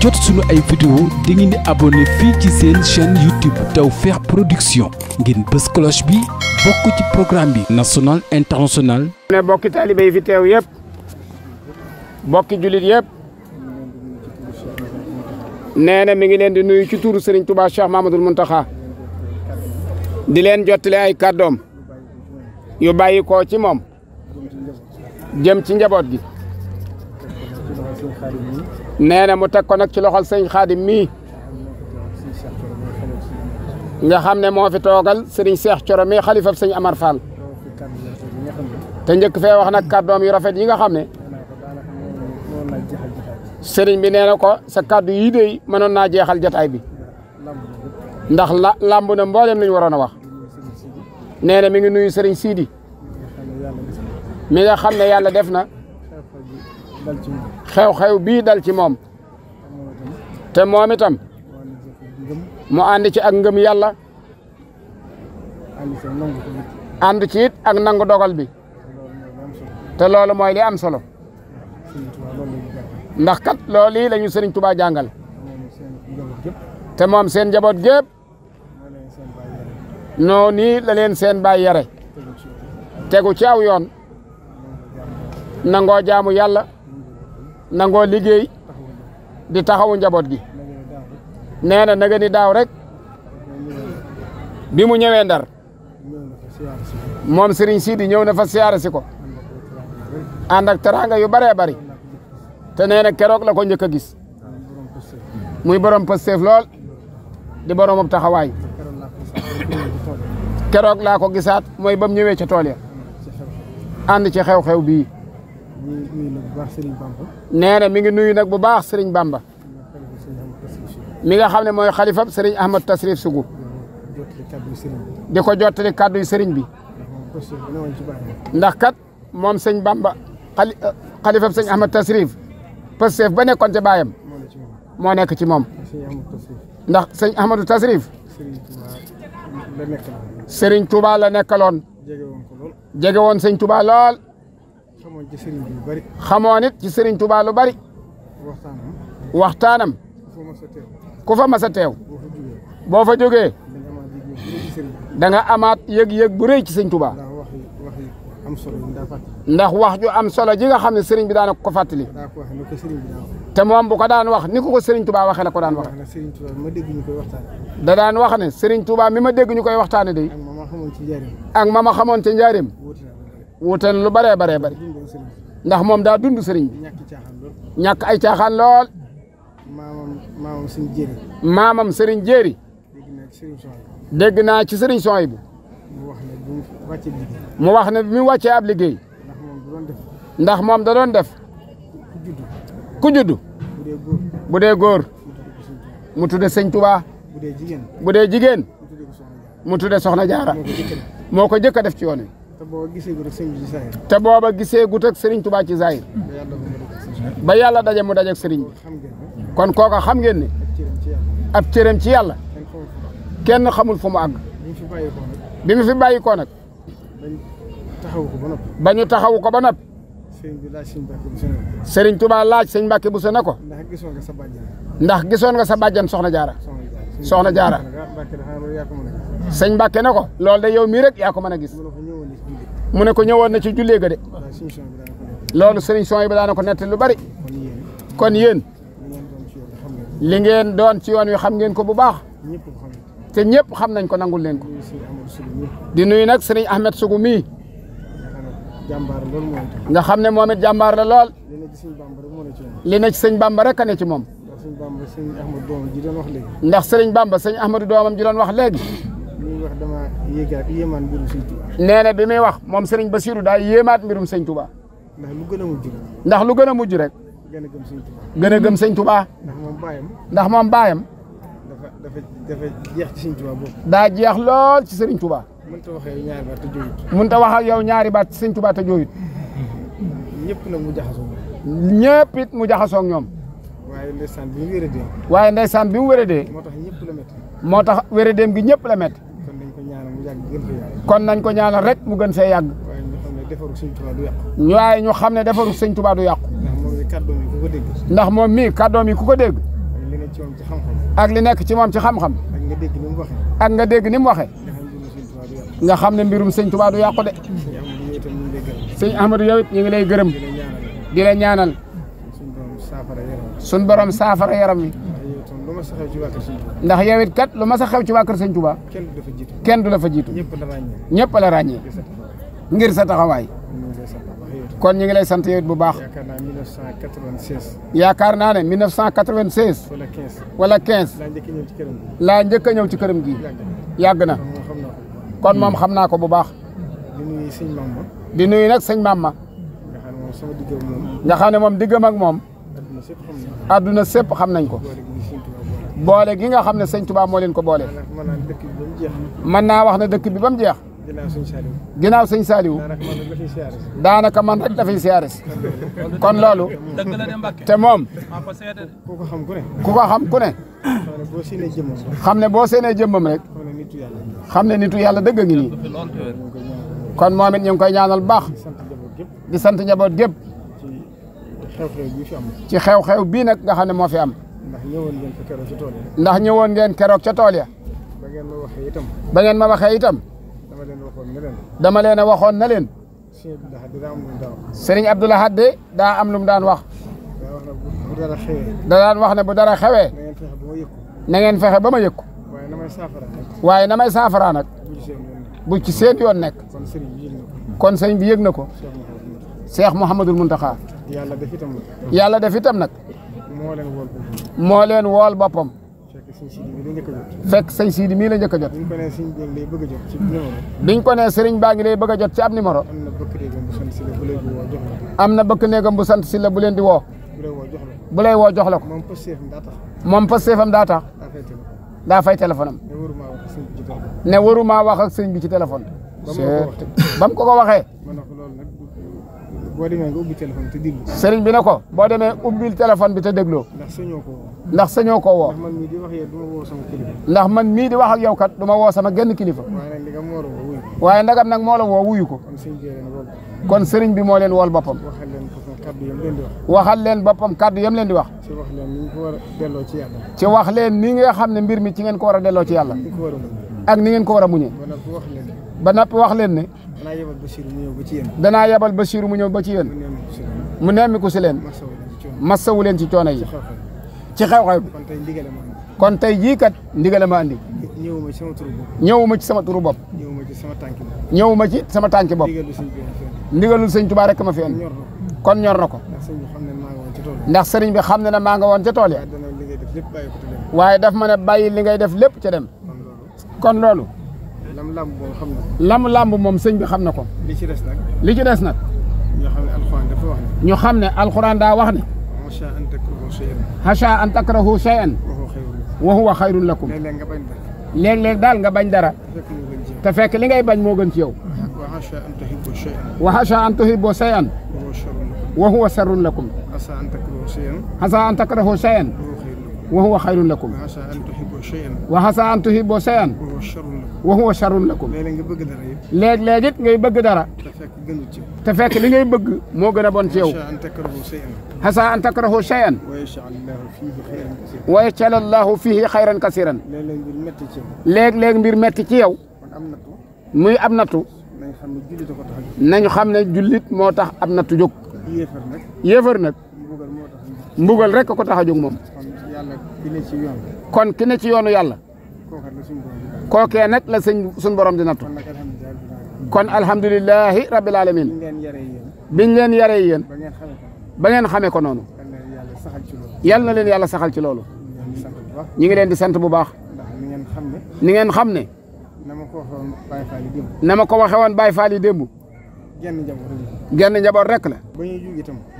jot suñu ay vidéo da ngeen di abonné fii ci seen chaîne YouTube Tawfekh Production ngeen bës cloche bi bokk ci programme bi national international ne bokki taalibe yi fi teew yëpp bokki jullit yëpp nee na mi ngi leen di nuyu ci tuuru Serigne Touba Cheikh Mamadou Mountakha di leen jottali ay kàddoom yu bàyyi koo ci moom jëm ci njaboot gi nee na mu teg ko nag ci loxol sëñ xaadim mii nga xam ne moo fi toogal sëriñ Cheikh Thioro mii xalifab sëñ Amar te njëkk fee wax nag kàddoom yi rafet yi nga xam ne sëriñ bi nee ko sa kàddu yii de mënoon naa jeexal jotaay bi ndax la làmb na mboolem lu waroon a wax nee na mi ngi nuyu sëriñ Sidi mi nga xam ne yàlla def na. xew-xew bii dal ci moom te moom itam mu ànd ci ak ngëm yàlla ànd ci ak nangu dogal bi te loolu mooy li am solo ndax kat loolu yi la ñu sëriñ Tuubaa jàngal te moom seen njaboot gépp noo la leen seen baay yare tegu ci aw yoon nangoo jaamu yàlla nangoo liggéey di taxawu njaboot gi nee na naga daaw rek bi mu ñëwee ndar moom Serigne Sidi ñëw na fa siyaare si ko ànd ak teraanga yu baree bari te nee na keroog la ko njëkk a gis muy borom Pastef lool di boromam taxawaay keroog laa ko gisaat mooy ba mu ñëwee ca tool ya ànd ci xew-xew bii. nee na mi ngi nuyu nag bu baax Serigne Bamba. mi nga xam ne mooy xalifab sëriñ Ahmad Tasrif Sougou. di ko jottali kàddu yu Serigne bi. ndax kat moom sëñ Bamba xali euh, xalifab sëñ Ahmad Tasrif Pastef ba nekkoon ca baayam moo nekk ci moom. ndax sëñ Ahmadou Tasrif. Serigne Touba la nekkaloon. jege woon sëñ Touba lool. xamoon ci sëriñ bi lu bari. xamoon it ci sëriñ Tuubaa lu bari. waxtaanam. waxtaanam. ku fa mas a teew. boo fa jógee. da nga amaat yëg-yëg bu rëy ci sëriñ Tuubaa. ndax wax ju am solo ji nga xam ne sëriñ bi daan ko fàttali. te moom bu ko daan wax ni ko ko sëriñ Tuubaa ko daan waxee. da daan wax ne sëriñ Tuubaa mi ma dégg ñu koy waxtaane day ak ma ma xamoon ci njaarim. wuute na lu bëree bëree bëri. ndax moom daa dund sëriñ bi ñàkk ay caaxaan lool. maamam maamam sëriñ jéeri. maamam sëriñ jéeri. dégg naa ci sëriñ son yi bu. mu wax na bi mu wàccee ab liggéey. ndax moom da doon def. ku judd. bu dee góor. mu tudde sëñ Tuubaa. bu dee jigéen. mu tudde soxna jaara moo ko jëkk def ci yoon wi te booba giseegut ak sëriñ te booba giseegut ak sëriñ Touba ci Zahir. ba yàlla daje mu daje ak sëriñ bi. kon kooka xam ngeen ne. ab cëram ci yàlla. kenn xamul fu mu àgg. bi mu fi bàyyi ko nag. taxawu ko ba noppi. ba ñu taxawu ko ba noppi. sëriñ Touba laaj sëñ Mbàkke bu sa na ko. ndax gisoon nga sa bàjjan. ndax gisoon nga sa bàjjan soxna jaara. soxna jaara. sëñ Mbàkke na ah, ah, ko. loolu de yow mii rek yaa ko mën a gis. mu ne ko ñëwoon na ci jullee ga de loolu sëriñ son yi ba daana ko nett lu bari kon yéen li ngeen doon ci yoon wi xam ngeen ko bu baax te ñëpp xam nañ ko nangul leen ko di nuyu nag sëriñ Ahmed Sougou mii nga xam ne moom it jàmbaar la lool li ne ci sëñ Bamba rek a ne ci moom ndax sëriñ Bamba sëñ Ahmadou doomam ji doon wax léegi dama yéegaat yéemaat mbirum nee na bi muy wax moom Serigne Bassirou daal yéemaat mbirum sëñ Touba. ndax lu gën a mujj. ndax lu gën a mujj rek. gën a gëm sëñ Touba. gëm sëñ Touba. ndax moom baayam. ndax moom baayam. dafa dafa dafa jeex ci sëñ Touba boobu. daa jeex lool ci Serigne Touba. mënut a wax ak yow ñaari baat te jooyut. mënut a wax ak yow ñaari baat sëñ Touba te jooyut. ñëpp nag mu jaxasoo ñëpp mu jaxasoo ñoom. waaye ndeysaan bi mu wéradee. waaye ndeysaan bi mu wéradee. moo tax ñëpp la métti. moo tax wéradeem gi ñëpp la métti. kon nañ ko ñaanal rek mu gën fee yàgg. waaye ñu xam ne defaru sëñ Tuubaa du yàqu. ndax moom mii kàddoom yi ku ko dégg. ak li nekk ci moom ci xam-xam. ak nga dégg ni mu waxee. nga xam ne mbirum sëñ Tuubaa du yàqu de. sëñ Ahmadou yow it ñu ngi lay gërëm. di la ñaanal. sun borom saafara yaram wi. lu ma sa xew ci waa ndax yow kat lu ma sa xew ci waa kër sëñ kenn du la fa jiitu kenn du la fa ràññee ngir sa taxawaay. kon ñu ngi lay sant yow bu baax. yaakaar naa 1996. yaakaar naa ne 1996. wala 15. wala 15. laa njëkk a ñëw ci këram gi. laa njëkk a ñëw ci këram gi. yàgg na kon moom xam naa ko bu baax. di nuyu sëñ Mamma. di nuyu nag sëñ Mamma. nga xam ne moom diggam ak moom. adduna sépp xam nañ ko. boole gi nga xam ne sëñ Tuubaa moo leen ko boole. man naa wax ne dëkk bi ba mu jeex. ginnaaw sëñ Saliou. ginnaaw sëñ Saliou. daanaka man rek dafay siyaare kon loolu. te moom. ku ko xam ku ne. ku ko xam ku ne. xam ne boo seenee jëmmam rek. xam ne nitu yàlla dëgg ngi kon moom it ñu ngi koy ñaanal baax. di sant njaboot gépp. ci xew-xew bii nag nga ne moo fi am. ndax ñëwoon ngeen fa ca tool ya. ndax ñëwoon ngeen keroog ca tool ya. ba ngeen ma waxee itam. ba ngeen ma itam. dama leen waxoon na leen. dama leen a waxoon na leen. Serigne Abdoul Ahad de daa am lu mu daan wax. da daan wax ne bu dara xewee. na ngeen fexe ba ma yëg ko. waaye na may saafara nag. bu ci seen yoon nekk. kon sëñ bi yég na ko. Cheikh Mouhamadul Mountakha. yàlla def itam nag. moo leen wool boppam. moo leen wool boppam. fekk sëñ Sidi mii la njëkk a jot. biñ ko baa ngi lay bëgg a jot ci numéro. ko nee sëriñ baa ngi lay bëgg jot ci ab numéro. am na bëkk néegam bu sant si la bu leen di woo. bu lay woo jox la ko. moom pas seefam daa tax. daa fay téléphone am. ne waruma wax ak sëriñ bi ci téléphone. ba mu ko ko waxee. boo demee nga ubbi téléphone te déglu. sëriñ bi ne ko boo demee ubbil téléphone bi te dégloo. ndax sañoo ko woo. ndax sañoo ko woo. ndax man mii di wax ak yow du ma woo sama kilifa. kat du ma woo sama genn kilifa. waaye ndagam nag moo la woo wuyu ko. kon sëriñ bi moo leen wool boppam. waxal leen boppam kàddu yam leen di wax. ci wax leen ni nga wax leen ni nga xam ne mbir mi ci ngeen ko war a delloo ci yàlla. ak ni ngeen ko war a muñee. ba noppi wax leen ne danaa yebal Bachir mu ñëw ba ci yéen. danaa yebal Bachir mu ñëw ba ci yéen. mu nemmiku si leen. masawu leen ci coono yi. ci xew-xew bi. kon tey jii kat ndigale ma andi. ñëwuma ci sama turu bopp. ñëwuma ci sama turu bopp. ñëwuma ci sama tànki bopp. ñëwuma ci sama tànki bopp. ndigalul sëñ Tuubaa rek ma fi andi. kon ñor na ko. ndax sëriñ bi xam ne na maa nga woon ca tool ya. waaye daf ma ne bàyyi li ngay def lépp ca dem. kon loolu. lam làmb moom xam lam làmb moom sëñ bi xam na ko. li ci des nag. li ci des nag. ñoo xam ne alxuraan dafa wax ne. ñu xam ne alxuraan daa wax ne. macha an takrahu shay'an. macha an takrahu shay'an. wa lakum. léeg-léeg daal nga bañ dara. te li ngay bañ moo gën ci yow. an tuhibbu shay'an. wa an tuhibbu shay'an. lakum. asa an takrahu shay'an. asa an wa huwa xayrun lakum wa xasa an tuhibbu shay'an wa huwa sharrun lakum léeg-léeg it ngay bëgg dara te fekk li ngay bëgg moo gën a bon ci yow xasa an takrahu shay'an wa yaj'al allahu fihi xayran kasiran léeg-léeg mbir metti ci yow muy ab nattu nañu xam ne jullit moo tax ab nattu jóg yéefar nag mbugal rekk tax a jóg moom kon ki ne ci yoonu yàlla kookee nag la sëñ suñ borom di nattu kon alhamdulilahi rabbil alamin biñ leen yaree yéen ba ngeen xamee ko noonu yal na leen yàlla saxal ci loolu ñi ngi leen di sant bu baax ni ngeen xam ne na ma ko waxe woon Baye Fall yi démb genn njaboot rek la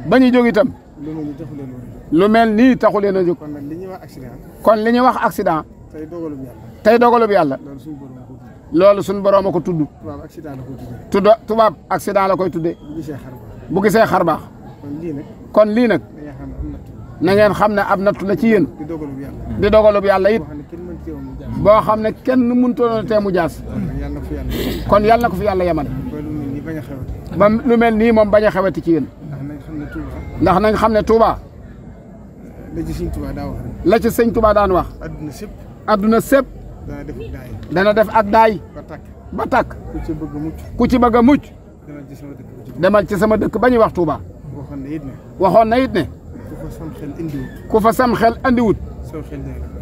ba ñuy jóg itam lu mel nii taxu leen a jóg kon li ñuy wax accident. tey dogalub yàlla. tey dogalub yàlla. loolu suñu borom a ko tudd. tubaab accident la koy tuddee. tudd tubaab accident la koy tuddee. bu gisee xar baax. kon lii nag. na ngeen xam ne ab nattu la ci yéen. di dogalub yàlla. di dogalub yàlla it. boo xam ne kenn mënutoon tee mu jaas. kon yàlla na ko fi yàlla yemal. ba lu mel nii moom bañ a xewati ci yéen. ndax nañ xam ne Touba. la ci sëñ Touba daa wax. la ci sëñ Touba daan wax. adduna sëpp. adduna sëpp. dana def ak daay. def ak daay. ba tàkk ba tàkk. ku ci bëgg a mucc. ku ci bëgg demal ci sama dëkk. demal ci wax Touba. waxoon na it ne. waxoon na it ne. ku fa sam xel andiwut. ku fa sam xel andiwut.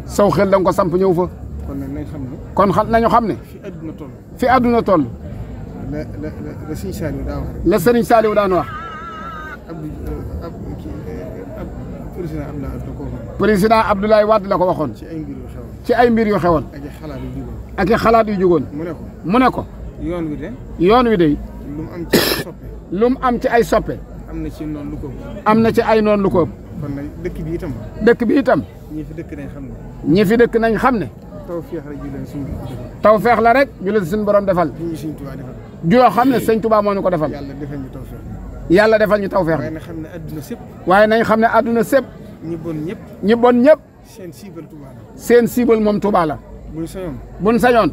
saw xel da ko samp ñëw fa. kon nag nañ kon xam nañu xam ne. fi adduna toll. fi adduna toll. la la la la sëriñ Saliou daan wax. daan wax. Eh, président Abdoulaye Wade la ko waxoon. président Abdoulaye Wade la ko waxoon. ci ay mbir yu xewoon. ci ay mbir yu xewoon. ak i xalaat yu jugoon. ak mu ne ko mu ne ko. yoon wi de. yoon wi de. lu am ci ay soppe. am ci ay soppe. am na ci noonu lu ko am na ci ay noon lu ko ëpp. kon nag dëkk bi itam. dëkk bi itam. ñi fi dëkk nañ xam ne. ñi fi dëkk nañ xam ne. tawfeex la ju leen suñu tawfeex la rek ju leen suñu borom defal. ju ñu suñ Tuubaa defal. joo xam ne sëñ Tuubaa moo ñu ko defal. yàlla defal ñu tawfeex. yàlla defal ñu tawfeex waaye na xam ne àdduna sépp waaye nañ xam ne àdduna sépp ñi bon ñëpp ñi ñëpp seen siibal Touba seen siibal moom Touba la buñ sañoon buñ sañoon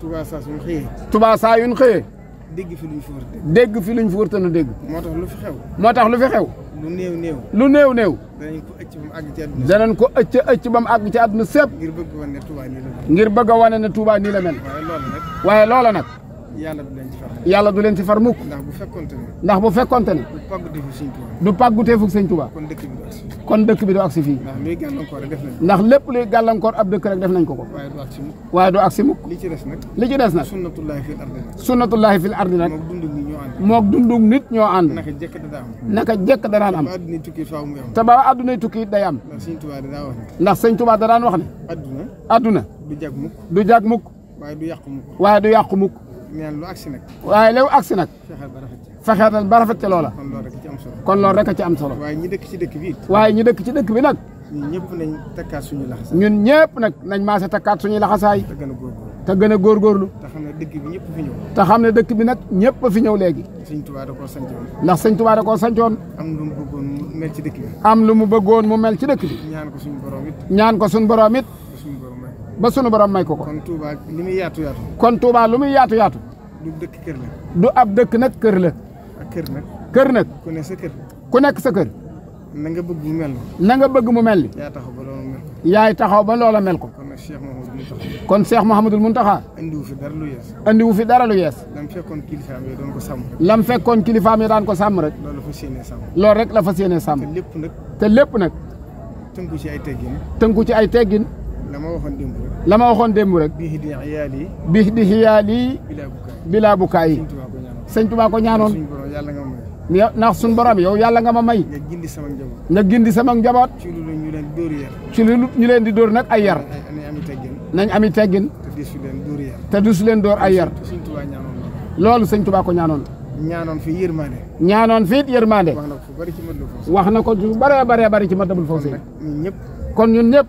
Touba saa suñ xëyee Touba saa yuñ xëyee dégg fi luñ fi dégg fi luñ fi wër tanu dégg moo tax lu fi xew moo tax lu fi xew lu néew néew lu néew néew danañ ko ëcc ba mu àgg ci àdduna danañ ko ëcc ci àdduna sépp ngir bëgg a wane ngir bëgg wane ne Touba nii la mel waaye loola nag yàlla du leen ci far yàlla ndax bu fekkonte ne. ndax bu fekkonte ne. du pàgguteefu sëñ Tuubaa. du pàgguteefu sëñ Tuubaa. kon dëkk bi du agsi. kon bi du agsi fii. ndax luy gàllankoor rek def nañ ko. ndax lépp luy gàllankoor ab dëkk rek def nañ ko ko. waaye du agsi mukk. waaye li ci des nag. li ci des nag. sunnatullaahi fil ardi nag. sunnatullaahi fil ardi nag. moog dundug nit ñoo ànd. naka jekk danaa am. naka jekk danaan am. te ba addunay tukki it day am. ndax sëñ Tuubaa da daan wax ne. adduna. adduna. du jag mukk. du jag mukk. waaye du yàqu mukk. waaye du yàqu ñaan lu agsi nag. waaye lu agsi nag. fexeel ba rafet ca loola. kon loolu rek am solo. kon loolu rek ci am solo. waaye ñi dëkk ci dëkk bi waaye ñi dëkk ci dëkk bi nag. ñun ñëpp nañ takkaat suñu laxasaay. ñun ñëpp nag nañ maase takkaat suñu laxasaay. te gën a góorgóorlu te gën a góorgóorlu. te xam ne dëkk bi ñëpp fi ñëw. te xam ne dëkk bi nag ñëpp a fi ñëw léegi. sëñ Tuubaa da koo sancoon. ndax sëñ Tuubaa da koo sancoon. am lu mu bëggoon mu mel ci dëkk bi. am lu mu bëggoon mu mel ci dëkk bi. ñaan ko suñu borom it. ñaan ko suñu borom it. ba sunu borom may ko kon Touba lu muy yaatu yaatu. kon Touba lu yaatu yaatu. du dëkk kër la. du ab dëkk nag kër la. ak kër nag. kër nag. ku nekk sa kër. ku nekk sa kër. na nga bëgg mu mel na nga bëgg mu mel ni. yaay taxaw ba loola mel yaay taxaw ba loola mel ko. kon Cheikh Mouhamadul Mountakha. kon Cheikh Mouhamadul Mountakha. andi wu lu yees. andi wu fi dara lu yees. lam fekkoon kilifaam yi doon fekkoon kilifaam yi daan ko sàmm rek. loolu la loolu rek la fas yéenee sàmm. lépp nag. te lépp nag. tënku ci ay teggin. tënku ci ay teggin. la ma waxoon démb rek. la ma waxoon démb rek. bii di xiyaali. bii di xiyaali. bilaa bukaay. sëñ Tuubaa ko ñaanoon. ndax suñu borom yow yàlla nga ma may. nga gindi sama njaboot. nga gindi sama njaboot. ci lu leen di dóor ci lu ñu leen di dóor nag ay yar. nañ ami teggin. te dusu leen dóor yar. te dusu leen dóor ay yar. loolu sëñ Tuubaa ko ñaanoon. ñaanoon fi yërmande. ñaanoon fi yërmande. wax na ko fu bari ci wax na ko ju bëree bëree bëri ci ma dabul foofu. kon ñun ñëpp.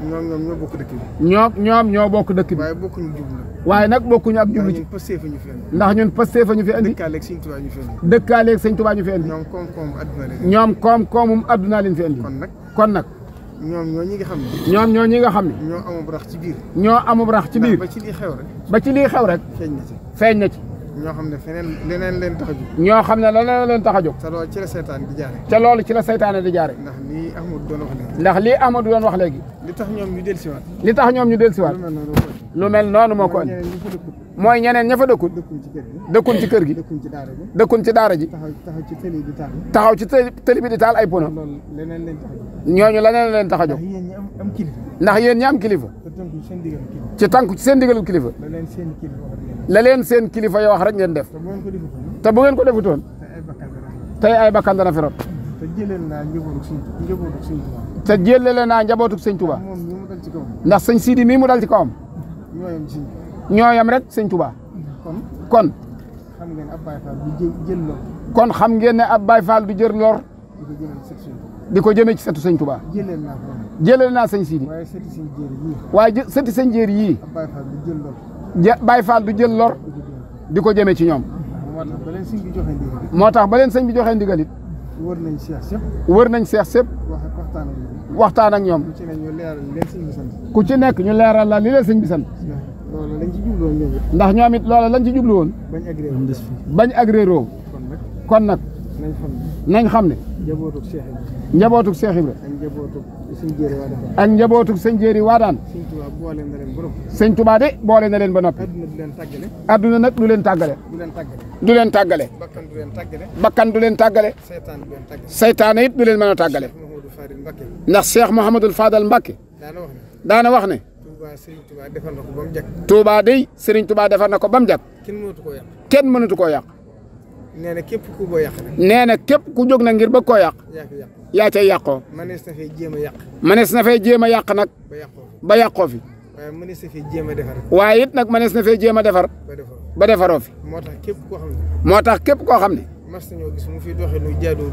ñoom ñoo bokk dëkk bi. ñoom ñoo bokk dëkk bi. waaye bokkuñu jublu. waaye nag bokkuñu ak jublu ci. ndax ñun pëstee fa ñu fi andi. dëkkaaleeg sëñ Tuubaa ñu fi andi. dëkkaaleeg sëñ Tuubaa ñu fi andi. ñoom koom-koomum adduna leen. ñoom koom-koomum adduna fi andi. kon nag kon nag. ñoom ñoo ñi nga xam ne. ñoo ñi nga xam ne. ñoo amub rax ci biir. ñoo amub rax ci biir. ba ci lii rek. ba ci lii xew rek. feeñ na ci. ñoo xam ne feneen leneen leen tax a ñoo xam ne leneen leen tax a jóg. te loolu ci la seytaane di ci la seytaane di jaare. ndax lii Amadou doon wax léegi. ndax lii Amadou doon wax léegi. li tax ñoom ñu dellusiwaat. li tax ñoom ñu lu mel noonu moo ko mooy ñeneen ña fa dëkkul. dëkkul ci kër gi dëkkul ci daara ji. dëkkul ci daara ji. taxaw ci tëli bi di taal. taxaw ci tëli bi di taal ay pono. ñooñu leneen leen tax a jóg. ndax yéen ñi am kilifa. ci tànku ci seen digalu kilifa. leleen seen kilifa yoo wax rek ngeen def te bu ngeen ko defutoon tey ay bakkan dana fi rot te jëlele naa njabootu sëñ Tuubaa te jëlele naa njabootu sëñ Tuubaa ndax sëñ mii mu dal ci kawam ñooyam rek sëñ Tuubaa kon kon xam ngeen ne ab Baay Faal du jër lor di ko jëmee ci setu sëñ Tuubaa jëlele naa sëñ Sidi waaye sëti sëñ jéer yii ja Baye Fall du jël lor di ko jëmee ci ñoom. moo tax ba leen sëñ bi joxe ndigal it. wër nañ seex sëpp. wër nañ seex sëpp. waxtaan ak ñoom. ku ci nekk ñu leeral la li leen bi sant. ndax ñoom it loola lañ ci jublu woon. bañ agréeroo. kon nag. nañ xam ne. nañ xam ne. njabootug Seex Ibra. Seex Ibra. ak njabootug sëñ Jéeri Waadaan. ak njabootug sëñ Jéeri Waadaan. sëñ Tuubaa boole na leen ba noppi. sëñ Tuubaa de boole na leen ba noppi. adduna leen tàggale. adduna nag du leen tàggale. du leen tàggale. du leen tàggale. bakkan du leen tàggale. bakkan du leen tàggale. saytaan du leen tàggale. saytaan it du leen mën a tàggale. ndax Cheikh Mouhamadul Fadal Mbacke. daana wax ne. Touba Serigne Touba defar na ko ba mu jag. Touba day Serigne Touba defar na ko ba mu jag. kenn mënatu koo kenn mënatu koo yàq. nee na képp ku boo yàq nee na képp ku jóg nag ngir bëgg koo yàq. yaa cay yàqoo. mënees na fee jéem a yàq. mënees na fee jéem a yàq nag. ba yàqoo ba yàqoo fi. waaye mënees na fee jéem a defar. waaye it nag mënees na fee jéem a defar. ba defaroo ba fi. moo tax képp koo xam ne. moo tax képp koo xam ne. mas nañoo gis mu fiy doxee nu jaaduwul.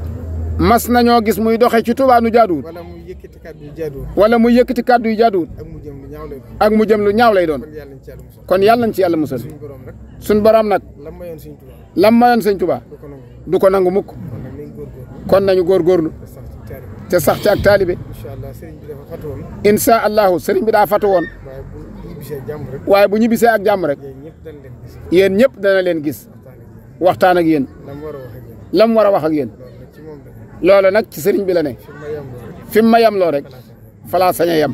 mas nañoo gis muy doxee ci Tuubaa nu jaaduwul. wala muy yëkkati kàddu yu jaaduwul. wala muy yëkkati kàddu yu jaaduwul. ak mu jëm lu ñaaw lay doon. ak mu jëm lu ñaaw lay doon. kon yàlla nañ ci yàlla musal. suñ borom nag lam mayoon sëñ Tuubaa du ko nangu mukk kon nañu góor góorgóorlu te sax ci ak taalibe incha allahu sëriñ bi daa fatu woon waaye bu ñibbisee ak jàmm rek yéen ñëpp dana leen gis waxtaan ak yéen lam war a wax ak yéen loolu nag ci sëriñ bi la ne fi mu ma yamloo rek falaa sañ a yam